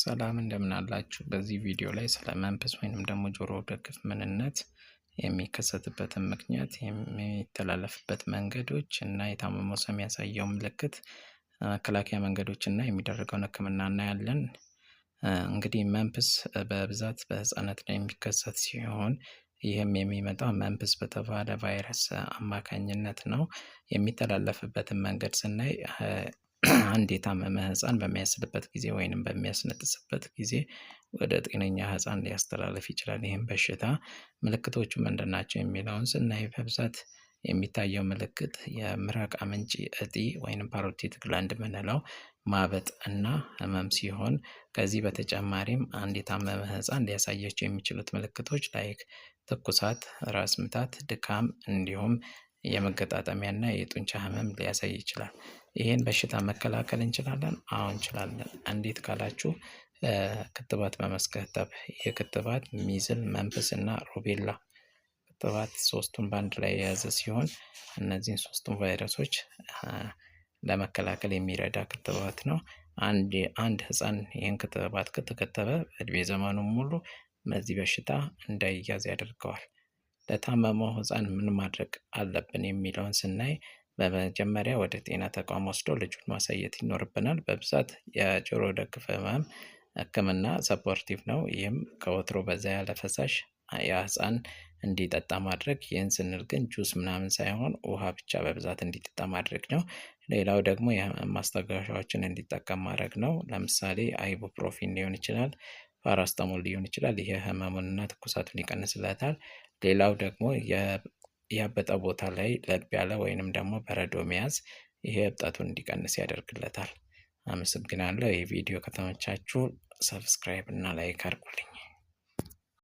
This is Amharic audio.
ሰላም እንደምን አላችሁ። በዚህ ቪዲዮ ላይ ስለ መንፈስ ወይንም ደግሞ ጆሮ ደግፍ ምንነት፣ የሚከሰትበትን ምክንያት፣ የሚተላለፍበት መንገዶች እና የታመመ ሰው የሚያሳየው ምልክት፣ መከላከያ መንገዶች እና የሚደረገውን ሕክምና እናያለን። እንግዲህ መንፈስ በብዛት በህፃነት ላይ የሚከሰት ሲሆን ይህም የሚመጣው መንፈስ በተባለ ቫይረስ አማካኝነት ነው። የሚተላለፍበትን መንገድ ስናይ አንድ የታመመ ህፃን በሚያስልበት ጊዜ ወይንም በሚያስነጥስበት ጊዜ ወደ ጤነኛ ህፃን ሊያስተላልፍ ይችላል። ይህም በሽታ ምልክቶቹ ምንድን ናቸው የሚለውን ስናይ በብዛት የሚታየው ምልክት የምራቅ አመንጪ እጢ ወይም ፓሮቲት ግላንድ የምንለው ማበጥ እና ህመም ሲሆን ከዚህ በተጨማሪም አንድ የታመመ ህፃን ሊያሳያቸው የሚችሉት ምልክቶች ላይክ ትኩሳት፣ ራስ ምታት፣ ድካም እንዲሁም የመገጣጠሚያና የጡንቻ ህመም ሊያሳይ ይችላል። ይሄን በሽታ መከላከል እንችላለን? አዎ እንችላለን። እንዴት ካላችሁ ክትባት በመስከተብ የክትባት ሚዝል፣ መንፈስ እና ሩቤላ ክትባት ሶስቱን በአንድ ላይ የያዘ ሲሆን እነዚህን ሶስቱን ቫይረሶች ለመከላከል የሚረዳ ክትባት ነው። አንድ አንድ ህፃን ይህን ክትባት ከተከተበ እድሜ ዘመኑ ሙሉ በዚህ በሽታ እንዳይያዝ ያደርገዋል። ለታመመው ህፃን ምን ማድረግ አለብን የሚለውን ስናይ በመጀመሪያ ወደ ጤና ተቋም ወስዶ ልጁን ማሳየት ይኖርብናል። በብዛት የጆሮ ደግፍ ህመም ህክምና ሰፖርቲቭ ነው። ይህም ከወትሮ በዛ ያለ ፈሳሽ የህፃን እንዲጠጣ ማድረግ። ይህን ስንል ግን ጁስ ምናምን ሳይሆን ውሃ ብቻ በብዛት እንዲጠጣ ማድረግ ነው። ሌላው ደግሞ የህመም ማስታገሻዎችን እንዲጠቀም ማድረግ ነው። ለምሳሌ አይቡፕሮፊን ሊሆን ይችላል፣ ፓራስተሞል ሊሆን ይችላል። ይህ ህመሙንና ትኩሳቱን ይቀንስለታል። ሌላው ደግሞ ያበጠ ቦታ ላይ ለብ ያለ ወይንም ደግሞ በረዶ መያዝ ይሄ እብጠቱን እንዲቀንስ ያደርግለታል። አመሰግናለሁ። ይህ ቪዲዮ ከተመቻችሁ ሰብስክራይብ እና ላይክ አድርጉልኝ።